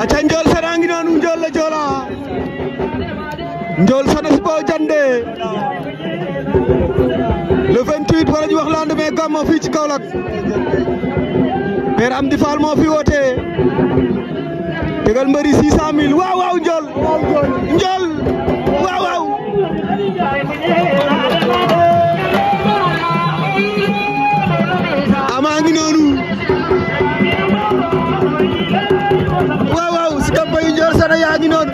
aca Ndiol Sana ngi noonu Ndiol la Joola Ndiol Sana si Baol Diandé le 28 wala ñu wax lendemain gàmmu fii ci Kaolack Père Amdi Fall moo fi woote tegal mbëri 600000 waaw waaw Ndiol waaw waaw amaa ngi noonu waaw waaw si campagne yi Ndiol Sana yaa ngi noonu